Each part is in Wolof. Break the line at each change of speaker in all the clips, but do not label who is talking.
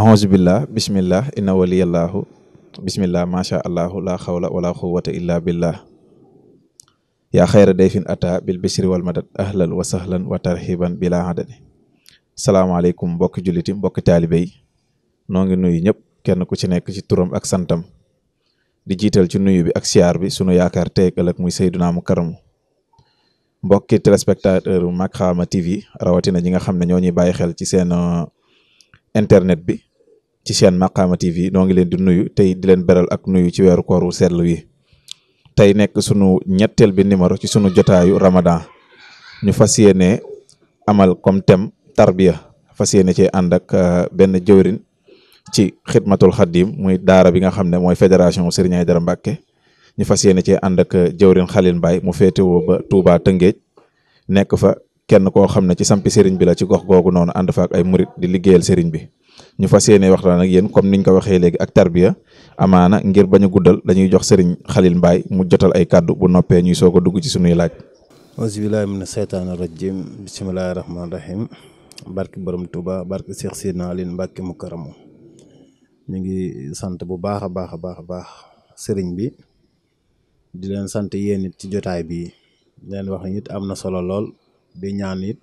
ahousubillah bisimillah inna waliyallahu bisimillah macha allahu la xawla wala quwata illa billah yaa xayra dayfin ata bil bisri wal madad ahlan wa sahlan wa tarxiban bila adadi salaamaaleykum mbokki julliti mbokki taalibe yi ngi nuyu ñëpp kenn ku ci nekk ci turam ak santam di jiital ci nuyu bi ak siyaar bi sunu yaakaar tey ëllëg muy Seydina mu karamu mbokki téléspectateur Makhama TV rawatina ñi nga xam ne ñoo ñuy bàyyi xel ci seen euh, internet bi ci seen Makhama TV noo ngi leen di nuyu tey di leen beral ak nuyu ci weeru kooru seetlu wi tey nekk sunu ñetteel bi numéro ci sunu jotaayu Ramadan ñu fas yéene amal comme thème tarbiya fas yéene cee ànd ak euh, benn jëwrin ci xidmatul xaddim muy daara bi nga xam ne mooy fédération Serigne Aïdara Mbacke ñu fas yéene cee ànd euh, jëwrin Xalil Mbaye mu féetewoo ba Touba Tëngéej nekk fa kenn koo xam ne ci sampi sëriñ bi la ci gox googu noonu ànd faak ay murit di liggéeyal sëriñ bi ñu fas yéene waxtaan ak yéen comme niñ ko waxee léegi ak tarbiya amaana ngir bañ a dañuy jox sëriñ Xalil Mbaay mu jotal ay kàddu bu noppee ñuy soog a dugg ci sunuy laaj.
auzu billaahi mina seytaani rajiim bismillaahi rahmaani rahiim barke borom Touba barke Cheikh Sidna Alin Mbàkke mu karamu ñu ngi sant bu baax a baax a baax a baax sëriñ bi di leen sant yéen it ci jotaay bi leen wax it am na solo lool di ñaan it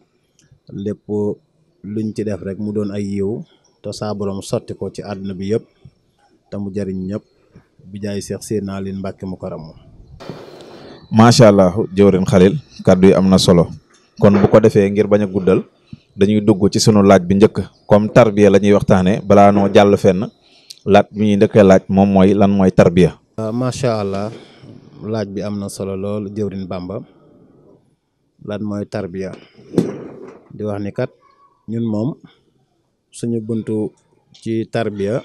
lépp luñ ci def rek mu doon ay yiw te saa borom sotti ko ci àdduna bi yëpp te mu jariñ ñëpp bi jaay seex seen naa leen mbàkke mu karam
macha allah jëwrin xalil kàddu yi am na solo kon bu ko defee ngir bañ guddal dañuy dugg ci sunu laaj bi njëkk comme tarbiya la ñuy waxtaanee balaa noo jàll fenn laaj bi ñuy njëkkee laaj moom mooy lan mooy tarbiya.
Ah, macha allah laaj bi am na solo lool jëwrin bàmba lan mooy tarbiya di wax ni kat ñun moom. suñu buntu ci tarbiya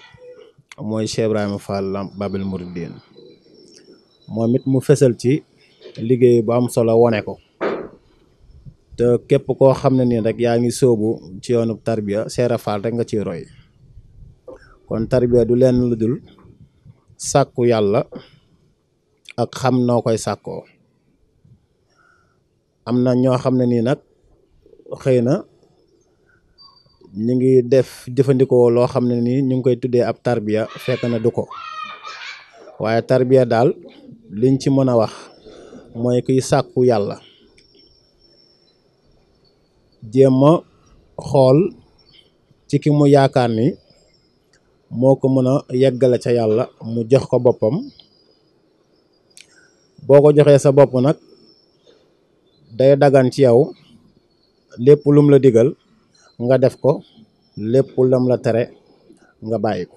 mooy Cheikh Ibrahima Fall Babil Mourideen moom it mu fesal ci liggéey bu am solo wone ko te képp koo xam ne nii rek yaa ngi sóobu ci yoonu tarbiya Cheikh Fall rek nga ciy roy kon tarbiya du leen la dul sàkku yàlla ak xam noo koy sàkkoo am na ñoo xam ne nii nag xëy na ñu ngi def jëfandikoo loo xam ne nii ñu ngi koy tuddee ab tarbiya fekk na du ko waaye tarbiya daal liñ ci mën a wax mooy kuy sàkku yàlla jéem a xool ci ki mu yaakaar ni moo ko mën a yeggale ca yàlla mu jox ko boppam boo ko joxee sa bopp nag day dagan ci yow lépp lum la digal nga def ko lépp lam la tere nga bàyyi ko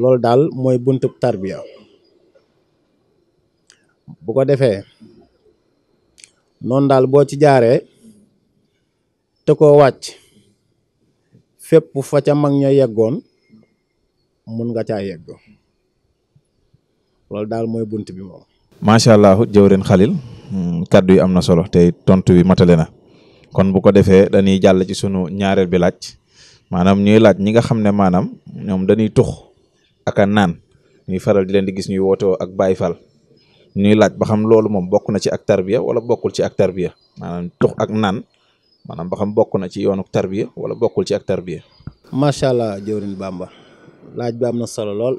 loolu daal mooy bunt tarbiya bu ko defee non daal boo ci jaaree te koo wàcc fépp fa ca mag ña yeggoon mun nga caa yegg loolu daal mooy
bunt bi moom macha allah jëwrin Xalil mm, kàddu yi am na solo te tontu bi matale na kon bu ko defee dañuy jàll ci sunu ñaareel bi laaj maanaam ñuy laaj ñi nga xam ne maanaam ñoom dañuy tux ak a naan ñuy faral di leen di gis ñuy wootewoo ak Baay Faal ñuy laaj ba xam loolu moom bokk na ci ak tarbiya wala bokkul ci ak tarbiya maanaam tux ak naan maanaam ba xam bokk na ci yoonu tarbiya wala bokkul ci ak tarbiya.
macha allah jëwriñ Bamba laaj bi am na solo lool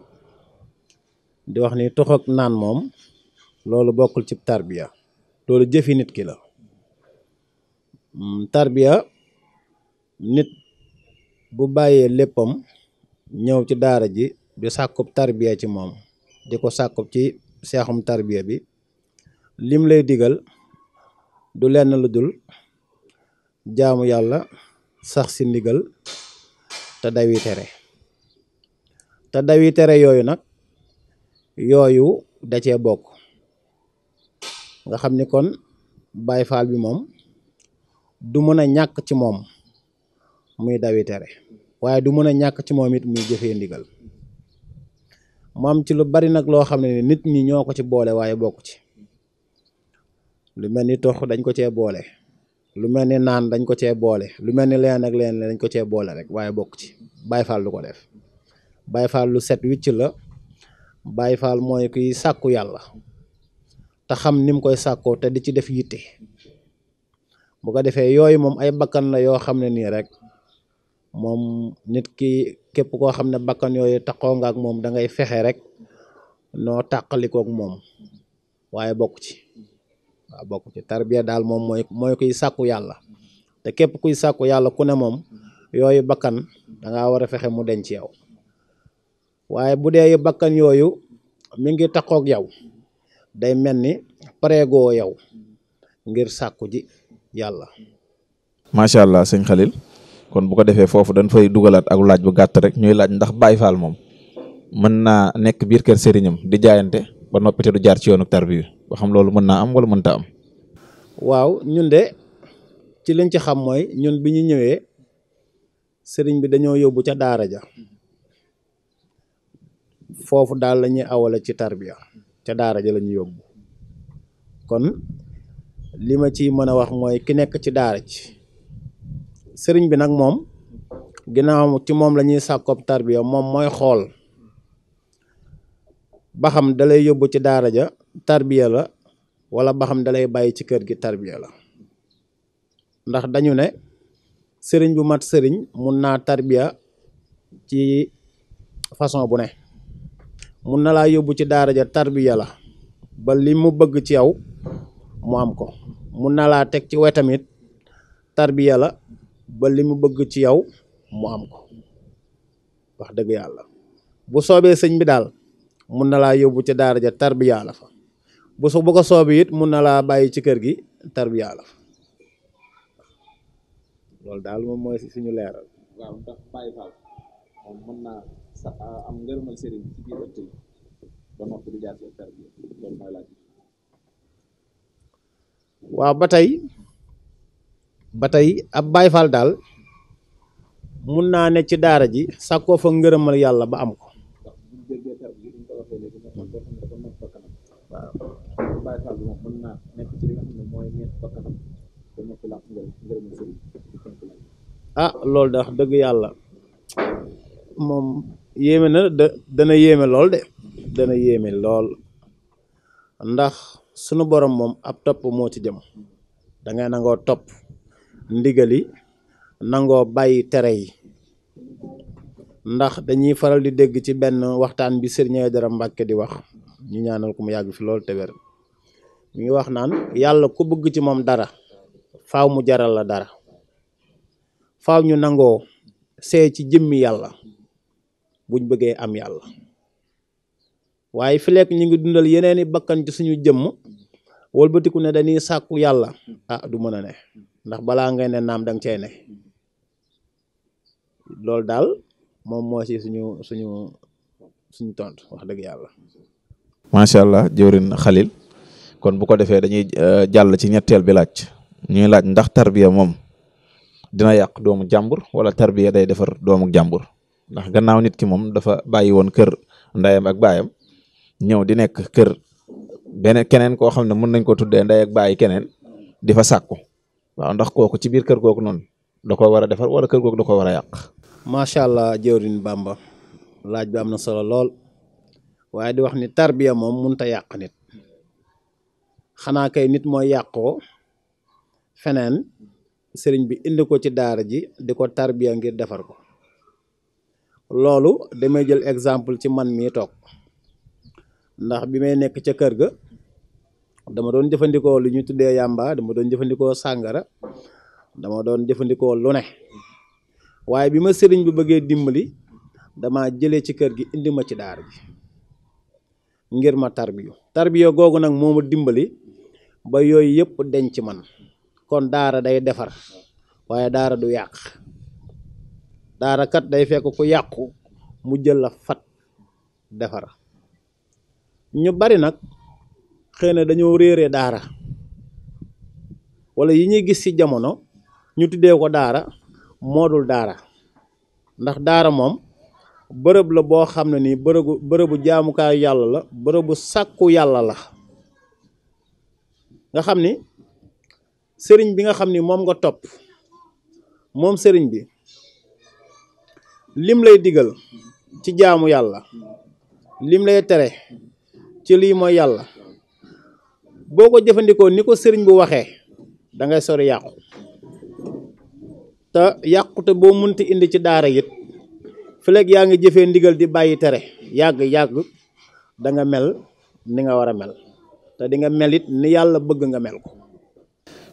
di wax ni tux ak naan moom loolu bokkul ci tarbiya loolu jëfi nit ki Mm, tarbiya nit bu bàyyee léppam ñëw ci daara ji di sàkkub tarbiya ci moom di ko sàkkub ci seexum tarbiya bi lim lay digal du lenn lu dul jaamu yàlla sax si ndigal te dawi tere te dawi tere yooyu nag yooyu da cee bokk nga xam ni kon Baay Faal bi moom du mën a ñàkk ci moom muy dawi tere waaye du mën a ñàkk ci moom it muy jëfee ndigal moom ci lu bari nag loo xam ne nit ñi ñoo ko ci boole waaye bokk ci lu mel ni tox dañ ko cee boole lu mel ni naan dañ ko cee boole lu mel ni leen ak leen dañ ko cee boole rek waaye bokk ci Baay Faal du ko def Baay Faal lu set wicc la Baay Faal mooy kuy sàkku yàlla te xam ni mu koy sàkkoo te di ci def yitte bu ko defee yooyu moom ay bakkan la yoo xam ne nii rek moom nit ki képp koo xam ne bakkan yooyu taqoo nga ak moom da ngay fexe rek noo tàqalikook moom waaye bokk ci bokk ci tarbiya daal moom mooy kuy sàkku yàlla te képp kuy sàkku yàlla ku ne moom yooyu bakkan dangaa war a fexe mu denc yow waaye bu dee bakkan yooyu mi ngi taqoog yow day mel ni pareegoo yow ngir sàkku ji yàlla.
macha allah sëñ Khalil kon bu ko defee foofu dañ fay dugalaat ak laaj bu gàtt rek ñuy laaj ndax Baye Fall moom mën naa nekk biir kër sëriñam di jaayante ba noppi te du jaar ci yoonu tarbiya ba xam loolu mën naa am wala mënta am.
waaw ñun de ci liñ ci xam mooy ñun bi ñu ñëwee sëriñ bi dañoo yóbbu ca daara ja foofu daal la ñuy awale ci tarbiya ca daara ja lañu yóbbu kon li ma ci mën a wax mooy ki nekk ci daara ci sëriñ bi nag moom ginnaaw ci moom la ñuy sàkkoob tarbiya moom mooy xool ba xam dalay yóbbu ci daara ja tarbiya la wala ba xam dalay bàyyi ci kër gi tarbiya la ndax dañu ne sëriñ bu mat sëriñ mun naa tarbiya ci façon bu ne mun na laa yóbbu ci daara ja tarbiya la ba li mu bëgg ci yow mu am ko mun na laa teg ci wetamit tarbiya la ba li mu bëgg ci yow mu am ko wax dëgg yàlla bu soobee sëñ bi daal mun na laa yóbbu ci daara ja tarbiya la fa bu su bu ko soobee it mun na laa bàyyi ci kër gi tarbiya la fa loolu daal moom mooy ci biir ëtt yi ba noppi waaw ba tey ba tey ab bayfal daal mun naa ne ci daara ji sàkkoo fa ngërëmal yàlla ba am ko ah loolu dax dëgg yàlla moom yéeme na dana yéeme lool de dana yéeme lool ndax sunu borom moom ab topp moo ci jëm dangay nangoo topp ndigal yi nangoo bàyyi tere yi ndax dañuy faral di dégg ci benn waxtaan bi Sëriñ dara Mbàkke di wax ñu ñaanal ko mu yàgg fi loolu te wér ngi wax naan yàlla ku bëgg ci moom dara faw mu jaral la dara faw ñu nangoo see ci jëmmi yàlla buñ bëggee am yàlla waaye fi lekk ñu ngi dundal yeneen i bakkan ci suñu jëmm wëlbatiku ne dañuy sàkku yàlla ah du mën a ne ndax balaa ngay ne naam danga cey ne loolu daal moom moo ci suñu suñu suñu tontu wax dëgg yàlla.
macha allah jëwrin Xalil kon bu ko defee dañuy eh, jàll ci ñetteel bi laaj ñuy laaj ndax tarbiya moom dina yàq doomu jàmbur wala tarbiya day defar doomu jàmbur ndax gannaaw nit ki moom dafa bàyyi woon kër ndayam ak baayam ñëw di nekk kër beneen keneen koo xam ne mën nañ ko tuddee ndey ak bàyyi keneen di fa sàkku waaw ndax kooku ci biir kër googu noonu da ko war a defar wala kër googu da ko war a yàq.
macha allah jëwriñ Bamba laaj bi am na solo lool waaye di wax ni tarbiya moom mënut ta yàq nit xanaa kay nit mooy yàqoo feneen sëriñ bi indi ko ci daara ji di ko tarbiya ngir defar ko loolu damay jël exemple ci man mii toog. ndax bi may nekk ca kër ga dama doon jëfandikoo lu ñu tuddee yàmba dama doon jëfandikoo sàngara dama doon jëfandikoo lu ne waaye bi ma sëriñ bi bëggee dimbali dama jële ci kër gi indi ma ci daara ji ngir ma tarbiyo tarbiyo googu nag moo ma dimbali ba yooyu yëpp denc man kon daara day defar waaye daara du yàq daara kat day fekk ku yàqu mu jël la fat defar ñu bari nag xëy na dañoo réere daara walla yi ñuy gis ci jamono ñu tuddee ko daara moodul daara ndax daara moom bërëb la boo xam ne nii bërëbu bërëbu jaamukaayu yàlla la bërëbu sàkku yàlla la nga xam ni sëriñ bi nga xam ni moom nga topp moom sëriñ bi lim lay digal ci jaamu yàlla lim lay tere ci lii mooy yàlla boo ko jëfandikoo ni ko sëriñ bu waxee da ngay sori yàqu te yàqute boo munti indi ci daara yit fileeg yaa ngi jëfee ndigal di bàyyi tere yàgg-yàgg danga mel ni nga war a mel te dinga mel it ni yàlla bëgg nga mel ko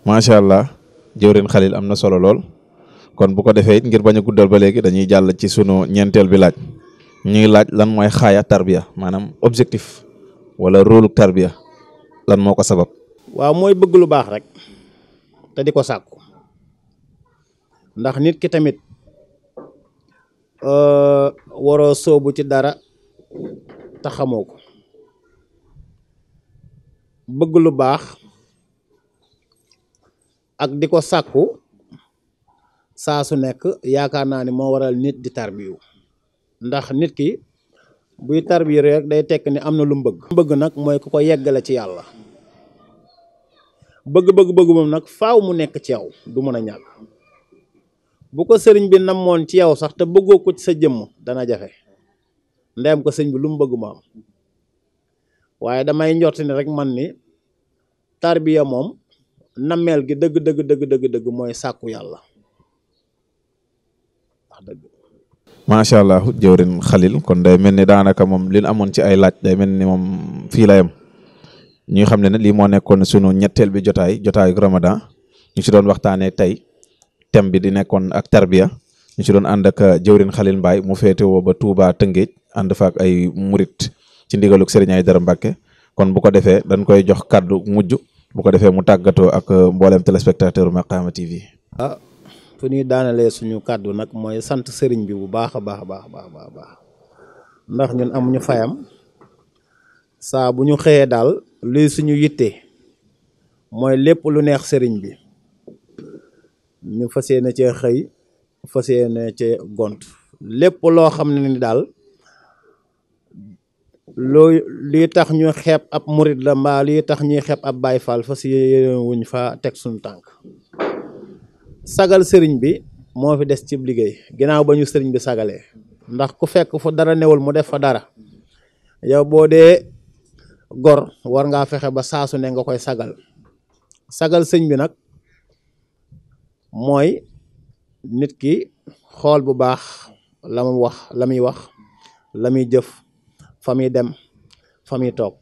macha allah jëwrin xalil am na solo lool kon bu ko defee it ngir bañ a guddal ba léegi dañuy jàll ci sunu ñeenteel bi laaj ñuy laaj lan mooy xaaya tarbiya maanaam objectif wala rôle tarbiya lan moo ko sabab.
waaw mooy bëgg lu baax rek te di ko sàkku ndax nit ki tamit euh, waroo soobu ci dara te xamoo ko bëgg lu baax ak di ko sàkku saa su nekk yaakaar naa ne moo waral nit di tarbiyu ndax nit ki. buy tarbiya rek day tekk ni am na lu mu bëgg. bëgg nag mooy ku ko yeggale ci yàlla bëgg-bëgg bëgg moom nag faaw mu nekk ci yow du mën a ñàkk bu ko sëriñ bi namoon ci yow sax te bëggoo ko ci sa jëmm dana jafe ndeyam ko sëriñ bi lu mu bëgg mu am waaye damay njort ni rek man ni tarbiya moom nameel gi dëgg dëgg dëgg dëgg mooy sàkku yàlla
macha allah jëwrin Xalil kon day mel ni daanaka moom li amoon ci ay laaj day mel ni moom fii la yem ñuy xam ne ne lii moo nekkoon sunu ñetteel bi jotaay jotaayu Ramadan ñu ci doon waxtaanee tey thème bi di nekkoon ak tarbiya ñu ci doon ànd ak uh, jëwrin Xalil Mbaye mu féetewoo ba Touba ta ànd fa ak ay murit ci ndigaluk Serigne ay dara Mbàkke kon bu ko defee dañ koy jox kàddu mujj bu ko defee mu tàggatoo ak uh, mboolem téléspectateur Makhama TV.
Ah, fu ñuy daanalee suñu kàddu nag mooy sant sëriñ bi bu baax a baax baax baax baax ndax ñun amuñu fayam saa bu ñu xëyee daal luy suñu yitte mooy lépp lu neex sëriñ bi ñu fas yéene cee xëy fas yéene cee gont lépp loo xam ne ni daal loo lii tax ñu xeeb ab murit la mbaa lii tax ñuy xeeb ab Baay Faal fas yéene wuñ fa teg suñu tànk sagal sëriñ bi moo fi des cib liggéey ginnaaw ba ñu sëriñ bi sagalee ndax ku fekk fu dara newul mu def fa dara yow boo dee gor war ngaa fexe ba saasu ne nga koy sagal sagal sëñ bi nag mooy nit ki xool bu baax la mu wax la muy wax la muy jëf fa dem fa muy toog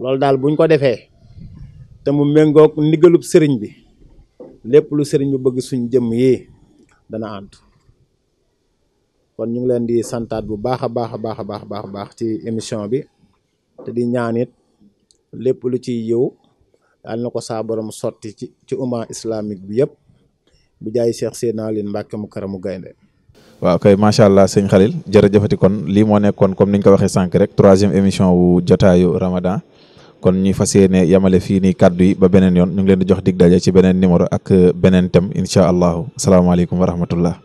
loolu daal buñ ko defee te mu méngoog ndigalub sëriñ bi lépp lu sëriñ bi bëgg suñ jëm yi dana ànd kon ñu ngi leen di santaat bu baax a baax a baax a baax baax baax ci émission bi te di ñaanit lépp lu ciy yiw yàlla na ko saa borom sotti ci ci umma islamique bi yëpp bu jaay Cheikh Seydina Alioune Mbacke mu karamu gaynde
waaw kay macha allah sëñ Khalil jërëjëfati kon lii moo nekkoon comme niñ ko waxee sànq rek troisième émission wu jotaayu Ramadan kon ñu fas yéene yamale fii nii kàddu yi ba beneen yoon ñu ngi leen di jox dig daje ci beneen numéro ak beneen thème incha allahu salaamaaleykum wa rahmatullah